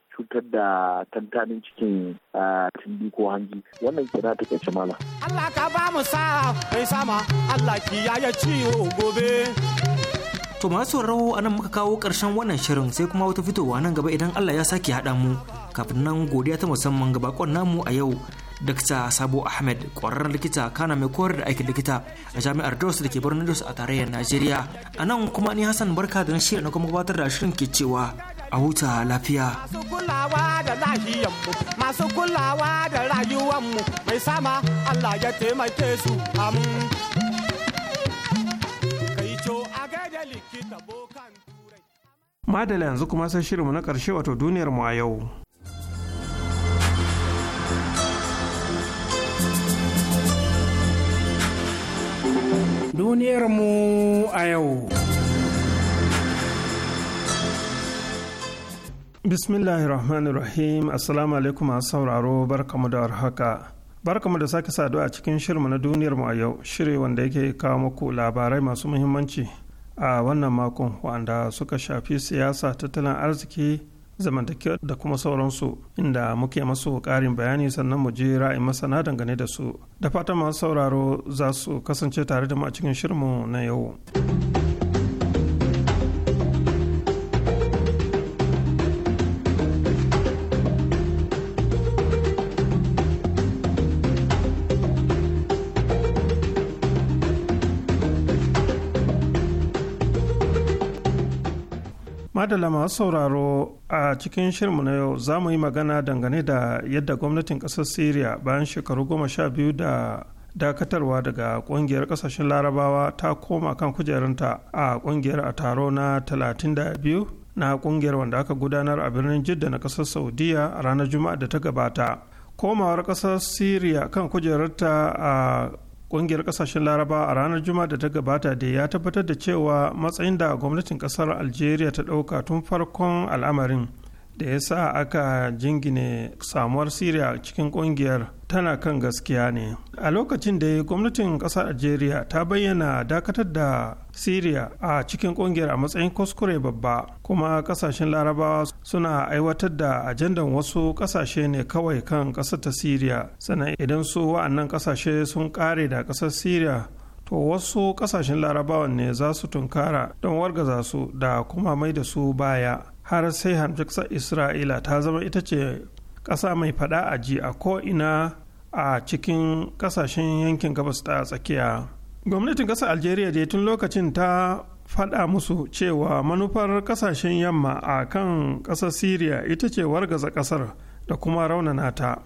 cutar da tantanin cikin tindi ko hanji wannan kira ta kace mala Allah ka ba mu sa mai sama Allah ki ya ciwo gobe To masu sauraro a nan muka kawo karshen wannan shirin sai kuma wata fitowa nan gaba idan Allah ya sake haɗa mu kafin nan godiya ta musamman ga bakon namu a yau Dr. Sabo Ahmed ƙwararren likita kana mai koyar da aikin likita a jami'ar Jos da ke birnin Jos a tarayyar Najeriya. A nan kuma ni Hassan Barka da na shirya na kuma gabatar da shirin ke cewa a huta lafiya. Masu kulawa da lahiyanmu, masu kulawa da rayuwanmu, mai sama Allah ya taimake su amin. Madala yanzu kuma sai shirinmu na ƙarshe wato duniyarmu a yau. Duniyarmu a yau. bismillahi rahim Assalamu alaikum masu sauraro barkamu da warhaka. Barkamu da sake saduwa a cikin shirmu na duniyar mu a yau, shiri wanda yake kawo muku labarai masu muhimmanci a wannan makon wanda suka shafi siyasa, tattalin arziki, zamantakewa da kuma sauransu inda muke masu ƙarin bayani sannan mu je ra'ayin masana dangane da su. Da fatan masu sauraro za su kasance tare da mu a cikin shirmu na yau. madala masu sauraro a cikin shirmu na yau za mu yi magana dangane da yadda gwamnatin ƙasar syria bayan shekaru goma sha biyu da dakatarwa daga ƙungiyar kasashen larabawa ta koma kan kujerunta a ƙungiyar a taro na 32 na ƙungiyar wanda aka gudanar a birnin jidda na kasar saudiya a ranar juma'a da ta gabata komawar ƙasar syria kan kujerarta a ƙungiyar ƙasashen laraba a ranar juma'a da ta gabata da ya tabbatar da cewa matsayin da gwamnatin ƙasar algeria ta ɗauka tun farkon al'amarin da ya sa aka jingine samuwar Siriya cikin kungiyar tana kan gaskiya ne. A lokacin da gwamnatin ƙasar Algeria ta bayyana dakatar da Siriya a cikin kungiyar a matsayin kuskure babba kuma ƙasashen larabawa suna aiwatar da ajandan wasu ƙasashe ne kawai kan ƙasar ta Siriya. Sannan idan su wa'annan ƙasashe sun ƙare da ƙasar Siriya to wasu kasashen larabawan ne za su tunkara don wargaza su da kuma mai da su baya har sai kasar isra'ila ta zama ita ce ƙasa mai fada a ji a ko'ina a cikin ƙasashen yankin gabas ta tsakiya gwamnatin ƙasar algeria da tun lokacin ta fada musu cewa manufar ƙasashen yamma a kan ƙasar syria ita ce wargaza ƙasar da kuma raunana ta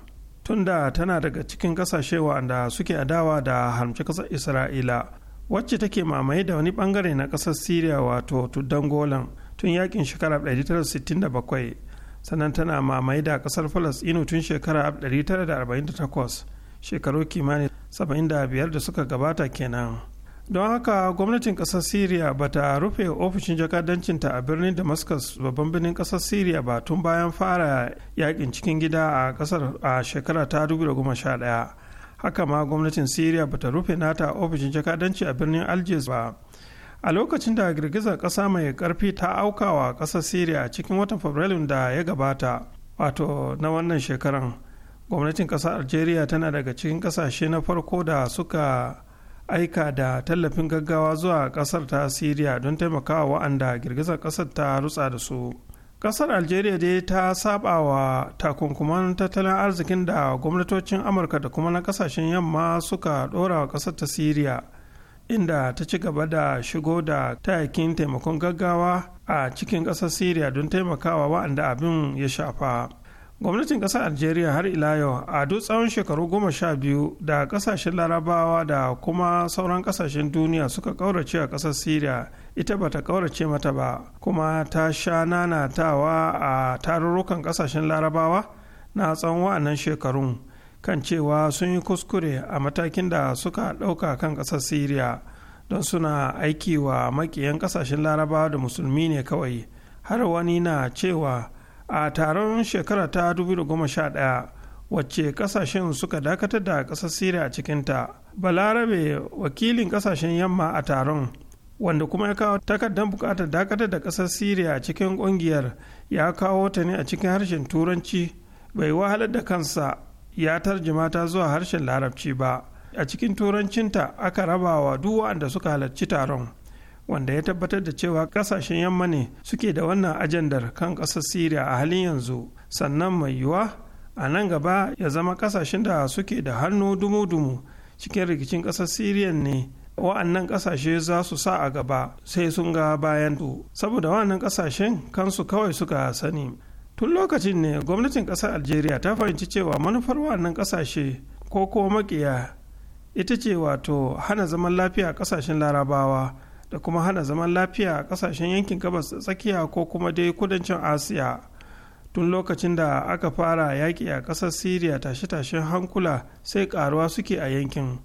tunda tana daga cikin ƙasashe wanda suke adawa da harmci ƙasar isra'ila wacce take mamaye da wani ɓangare na ƙasar syria wato tuddan golan tun yakin shekara 1967 sannan tana mamaye da kasar falasɗinu tun shekara 1948 shekaru kimanin saba'in da suka gabata kenan don haka gwamnatin kasar syria ba ta rufe ofishin jakadancinta a birnin damascus babban birnin kasar syria ba tun bayan fara yakin cikin gida a kasar a shekara ta 2011 haka ma gwamnatin syria ba ta rufe nata ofishin jakadanci a birnin algiers ba a lokacin da girgizar ƙasa mai karfi ta auka wa kasar syria cikin watan fabrilun da ya gabata wato na wannan shekaran gwamnatin ƙasar algeria tana daga cikin kasashe na farko da suka aika da tallafin gaggawa zuwa kasar ta syria don taimakawa wa'anda girgizar kasar ta rutsa da su kasar algeria dai ta saba wa takunkuman tattalin arzikin da gwamnatocin amurka da kuma na kasashen yamma suka ɗora wa kasar ta syria inda ta ci gaba da shigo da tayakin taimakon gaggawa a cikin ƙasar syria don taimakawa wa'anda abin ya shafa gwamnatin ƙasar algeria har ila yau a duk tsawon shekaru goma sha biyu da ƙasashen larabawa da kuma sauran ƙasashen duniya suka ƙaurace a ƙasar syria ita bata ƙaurace mata ba kuma ta sha nanatawa a tarurrukan ƙasashen larabawa na tsawon wa'annan shekarun kan cewa sun yi kuskure a matakin da suka ɗauka kan ƙasar syria don suna aiki wa makiyan ƙasashen laraba da musulmi ne kawai har wani na cewa a taron shekara ta 2011 wacce ƙasashen suka dakatar da ƙasar syria a cikinta balarabe wakilin ƙasashen yamma a taron wanda kuma ya kawo takardar bukatar dakatar da ƙasar syria cikin ƙungiyar ya kawo ta ne a cikin harshen turanci bai wahalar da kansa ya tarjima ta zuwa harshen larabci ba a cikin turancinta aka raba wa duk waɗanda suka halarci taron wanda ya tabbatar da cewa ƙasashen yamma ne suke da wannan ajandar kan ƙasar syria a halin yanzu sannan mai yiwuwa a nan gaba ya zama ƙasashen da suke da hannu dumu-dumu cikin rikicin ƙasar syria ne wa'annan ƙasashe za su sa a gaba sai sun ga bayan saboda wa'annan ƙasashen kansu kawai suka sani tun lokacin ne gwamnatin ƙasar algeria ta fahimci cewa manufar wannan ƙasashe ko kuma makiya ita ce wato hana zaman lafiya a ƙasashen larabawa da kuma hana zaman lafiya a ƙasashen yankin gabas tsakiya ko kuma dai kudancin asiya tun lokacin da aka fara yaƙi a ƙasar syria tashe-tashen hankula sai ƙaruwa suke a yankin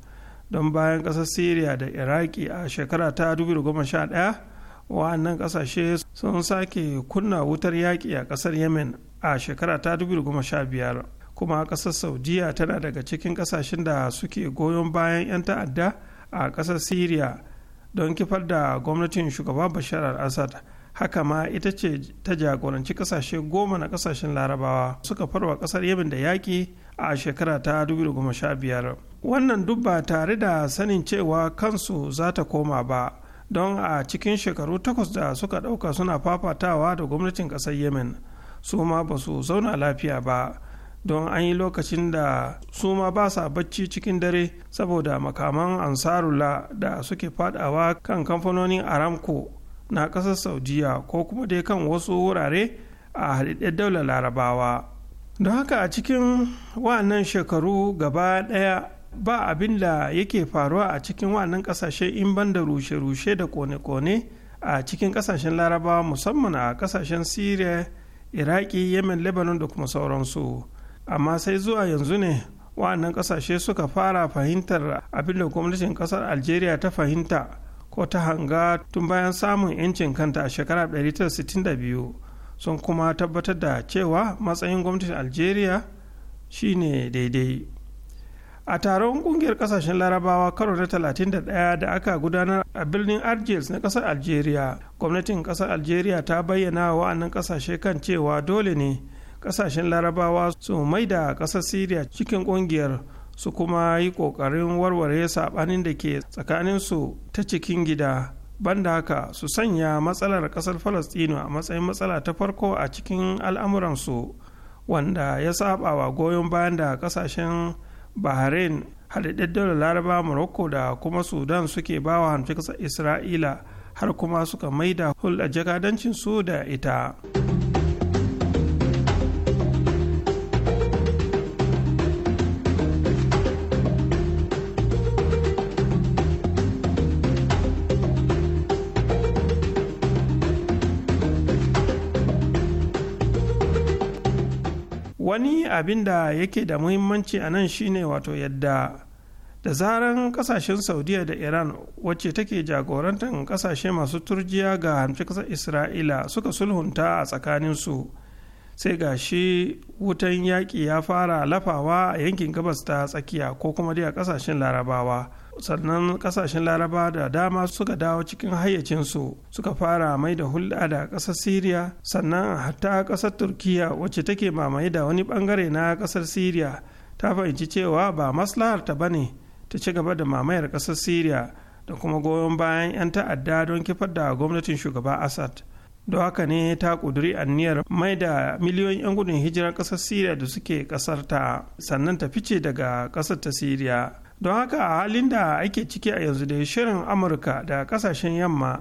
don bayan ƙasar syria da iraki a shekara ta 2011 wa'annan ƙasashe sun sake kunna wutar yaƙi a ƙasar yemen a shekara ta 2015 kuma ƙasar saudiya tana daga cikin ƙasashen da suke goyon bayan 'yan ta'adda a ƙasar syria don kifar da gwamnatin shugaba bashar al-assad haka ma ita ce ta jagoranci ƙasashe goma na ƙasashen larabawa suka farwa ƙasar yemen da yaƙi a shekara ta 2015 wannan duk tare da sanin cewa kansu za ta koma ba don a cikin shekaru takwas da suka ɗauka suna fafatawa da gwamnatin ƙasar yemen su ma ba su zauna lafiya ba don an yi lokacin da su ma ba sa bacci cikin dare saboda makaman ansarula da suke fadawa kan kamfanonin aramco na ƙasar saudiya ko kuma dai kan wasu wurare a halittar daular larabawa don haka a cikin wannan shekaru gaba ɗaya ba abin da yake faruwa a cikin wannan kasashe in ban da rushe-rushe da kone-kone a cikin kasashen larabawa musamman a kasashen syria iraki yemen lebanon da kuma sauransu amma sai zuwa yanzu ne wa'annan kasashe suka fara fahimtar abin da gwamnatin kasar algeria ta fahimta ko ta hanga tun bayan samun 'yancin kanta a shekara 1962 sun kuma tabbatar da cewa matsayin gwamnatin algeria shine daidai a taron kungiyar kasashen larabawa karo na 31 da aka gudanar a birnin argels na kasar algeria gwamnatin kasar algeria ta bayyana wa wa'annan kasashe kan cewa dole ne kasashen larabawa su maida kasar syria cikin kungiyar su kuma yi kokarin warware sabanin da ke tsakaninsu ta cikin gida banda haka su sanya matsalar kasar falastino a matsayin matsala ta farko a cikin al'amuransu wanda ya saba wa goyon bayan da kasashen bahrain haɗaɗɗen daular laraba morocco da kuma sudan suke bawa wa isra'ila har kuma suka maida hulɗa jakadancin su da ita. wani abin da yake da muhimmanci a nan shine wato yadda da zaran kasashen saudiya da iran wacce take jagorantar kasashe masu turjiya ga hamci kasar isra'ila suka sulhunta a tsakaninsu sai ga shi wutan yaƙi ya fara lafawa a yankin gabas ta tsakiya ko kuma dai a kasashen larabawa sannan kasashen laraba da dama suka dawo cikin hayyacinsu suka fara mai da hulɗa da ƙasar siriya sannan hatta ƙasar turkiya wacce take mamaye da wani ɓangare na ƙasar siriya ta fahimci cewa ba maslaharta ba ne ta ci gaba da mamayar ƙasar siriya da kuma goyon bayan 'yan ta'adda don kifar da gwamnatin shugaba assad don haka ne ta ƙuduri anniyar mai da miliyoyin 'yan gudun hijirar ƙasar siriya da suke ƙasar ta sannan ta fice daga ƙasar ta siriya don haka a halin da ake ciki a yanzu da shirin amurka da kasashen yamma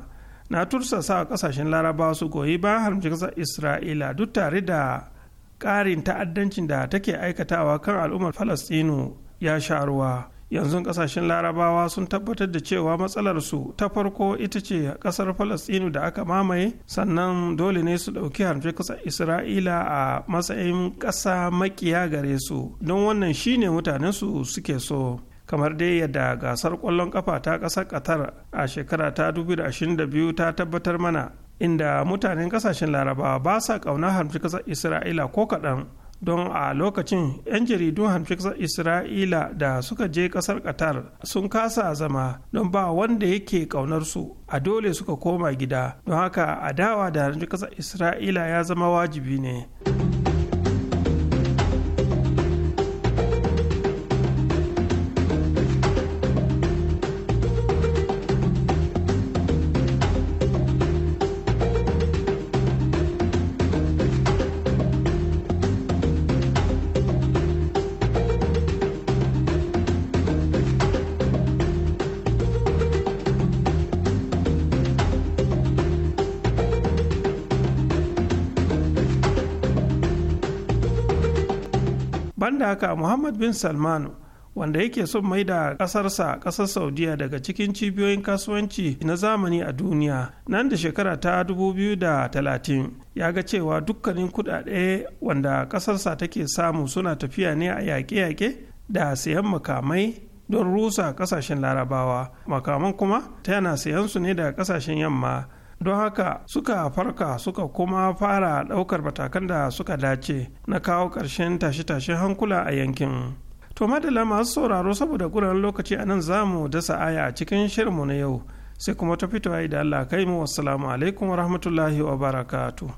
na tursasa kasashen larabawa su goyi bayan haramci kasar isra'ila duk tare da ƙarin ta'addancin da take aikatawa kan al'ummar falastinu ya sha ruwa yanzu kasashen larabawa sun tabbatar da cewa matsalar su ta farko ita ce kasar falastinu da aka mamaye sannan dole ne su ɗauki harfe kasar isra'ila a matsayin ƙasa makiya gare su don wannan shine mutanensu suke so kamar dai yadda gasar kwallon kafa ta ƙasar qatar a shekara ta 2022 ta tabbatar mana inda mutanen kasashen larabawa ba sa ƙaunar harfi kasar isra'ila ko kaɗan don a lokacin 'yan jaridun kasar isra'ila da suka je kasar qatar sun kasa zama don ba wanda yake su a dole suka koma gida don haka a dawa da kasar isra'ila ya zama wajibi ne. banda haka muhammad bin salman wanda yake son mai da ƙasarsa ƙasar saudiya daga cikin cibiyoyin kasuwanci na zamani a duniya nan da shekara ta 2030 ya ga cewa dukkanin kudade wanda ƙasarsa take samu suna tafiya ne a yaƙe-yaƙe da sayan makamai don rusa ƙasashen larabawa makaman kuma ta yana sayan su ne daga ƙasashen yamma don haka suka farka suka kuma fara ɗaukar matakan da suka dace na kawo ƙarshen tashe-tashen hankula a yankin to madala masu sauraro saboda guran lokaci a nan za mu dasa aya a cikin shirinmu na yau sai kuma ta fito da Allah kai mu wassalamu alaikum wa rahmatullahi wa barakatuh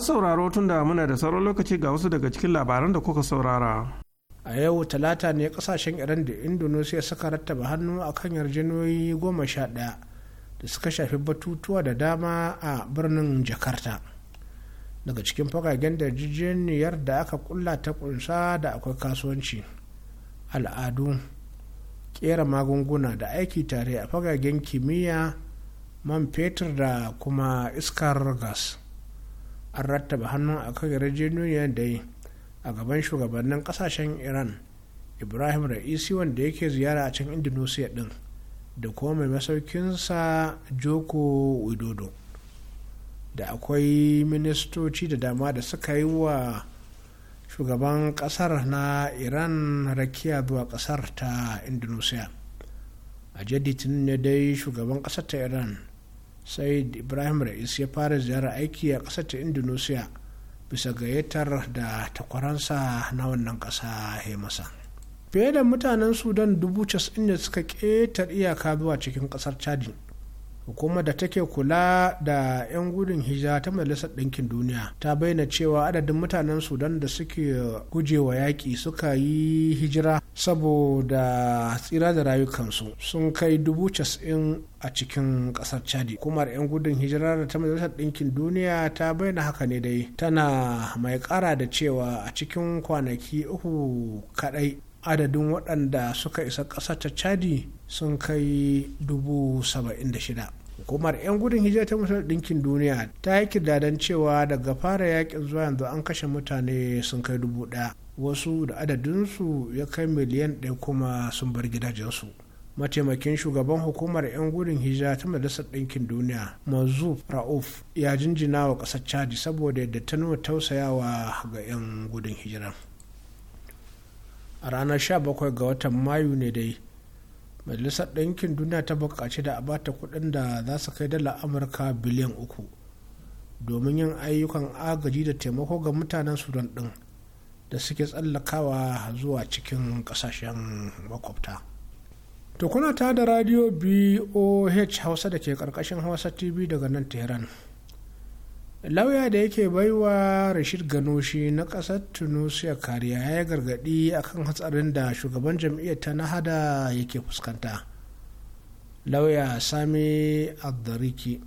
masu sauraro tun da muna da sauran lokaci ga wasu daga cikin labaran da kuka saurara. A yau talata ne kasashen Iran da Indonesia suka rattaba hannu a kan yarjinoyi goma sha ɗaya da suka shafi batutuwa da dama a birnin Jakarta. Daga cikin fagagen da jijiyar da aka kulla ta kunsa da akwai kasuwanci, al'adu, kera magunguna da aiki tare a fagagen kimiyya man fetur da kuma iskar gas. an rattaba hannun a kan yarjejeniyar da yi a gaban shugabannin kasashen iran ibrahim ra'isi wanda yake ziyara a can indonesia din da kuma mai masaukinsa joko widodo da akwai ministoci da dama da suka yi wa shugaban kasar na iran rakiya zuwa kasar ta indonesia a jaditin ne dai shugaban kasar ta iran said ibrahim ra'is ya fara ziyarar aiki a ƙasar ta indonesia bisa gayyatar da takwaransa na wannan ƙasa ya masa fiye da mutanen sudan dubu casa'in da suka ƙetar iyaka zuwa cikin ƙasar cadi hukumar da take kula da 'yan gudun hijira ta majalisar ɗinkin duniya ta bayyana cewa adadin mutanen sudan da suke gujewa yaƙi suka yi hijira saboda tsira da rayukansu sun kai dubu casa'in a cikin ƙasar chadi hukumar 'yan gudun hijira da ta majalisar ɗinkin duniya ta bayyana haka ne dai tana mai ƙara da cewa a cikin kwanaki uku kaɗai adadin waɗanda suka isa ƙasa ta chadi sun kai dubu saba'in da shida hukumar 'yan gudun hijira ta musulun ɗinkin duniya ta yi kirdadan cewa daga fara yakin zuwa yanzu an kashe mutane sun kai dubu ɗaya wasu da adadinsu ya kai miliyan ɗaya kuma sun bar gidajensu mataimakin shugaban hukumar 'yan gudun hijira ta majalisar ɗinkin duniya mazu ra'uf ya jinjina wa ƙasar chadi saboda yadda ta nuna tausayawa ga 'yan gudun hijira a ranar 17 ga watan mayu ne dai majalisar ɗinkin duniya ta buƙaci da a bata kuɗin da za su kai dala amurka biliyan uku domin yin ayyukan agaji da taimako ga mutanen sudan ɗin da suke tsallakawa zuwa cikin ƙasashen makwabta to kuna ta da radio boh hausa da ke ƙarƙashin hausa tv daga nan tehran lauya da yake baiwa rashid ganoshi na ƙasar tunisia kariya ya gargaɗi kan hatsarin da shugaban jam'iyyar ta nahada yake fuskanta lauya sami adariki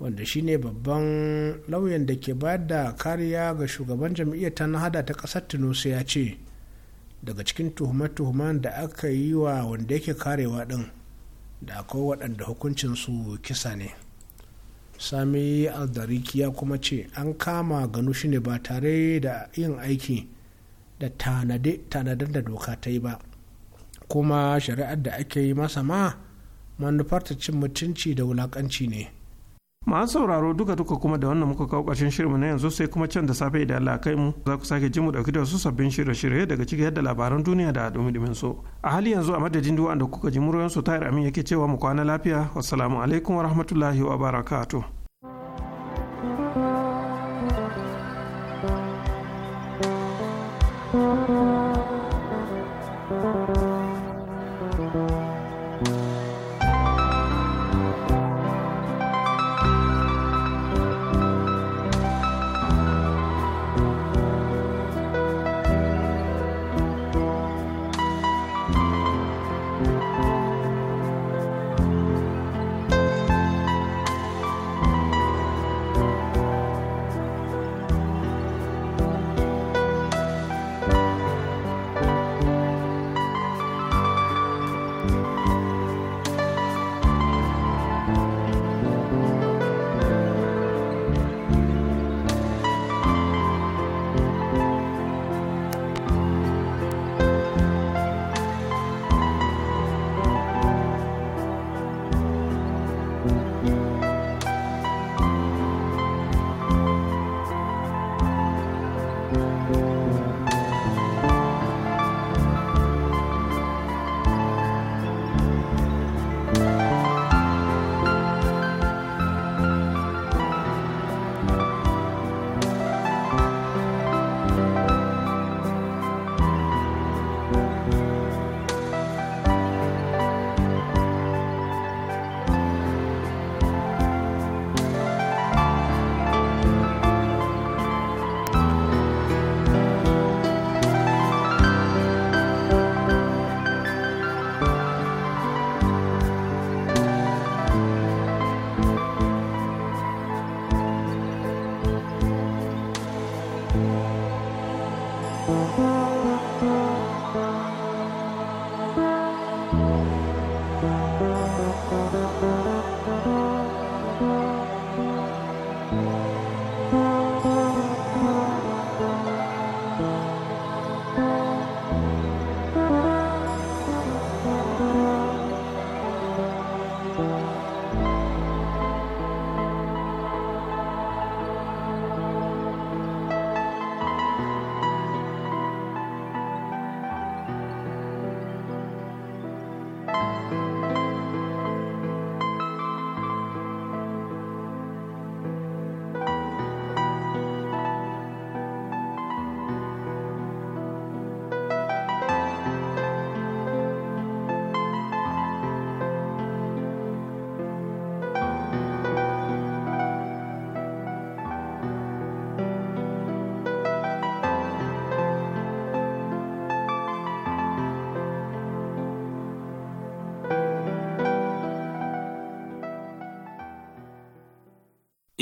wanda shine babban lauyan da ke bayar da kariya ga shugaban jam'iyyar ta nahada ta ƙasar tunisia ce daga cikin tuhume-tuhumen da aka yi wa wanda yake karewa din da akwai waɗanda hukuncinsu kisa ne. sami aldariki ya kuma ce an kama ganu shi ne ba tare da yin aiki da tanadar da doka ta yi ba kuma shari'ar da ake yi masa ma manufarta cin mutunci da wulakanci ne masu sauraro duka duka kuma da wannan muka kawo ƙarshen shirinmu na yanzu sai kuma can da safe idan Allah kai mu za ku sake ji mu dauki da wasu sabbin shirye-shirye daga ciki yadda labaran duniya da dumi so a hali yanzu a madadin duwa da kuka ji muryoyin su tayar amin yake cewa mu kwana lafiya wassalamu alaikum wa rahmatullahi wa barakatuh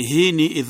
Hii ni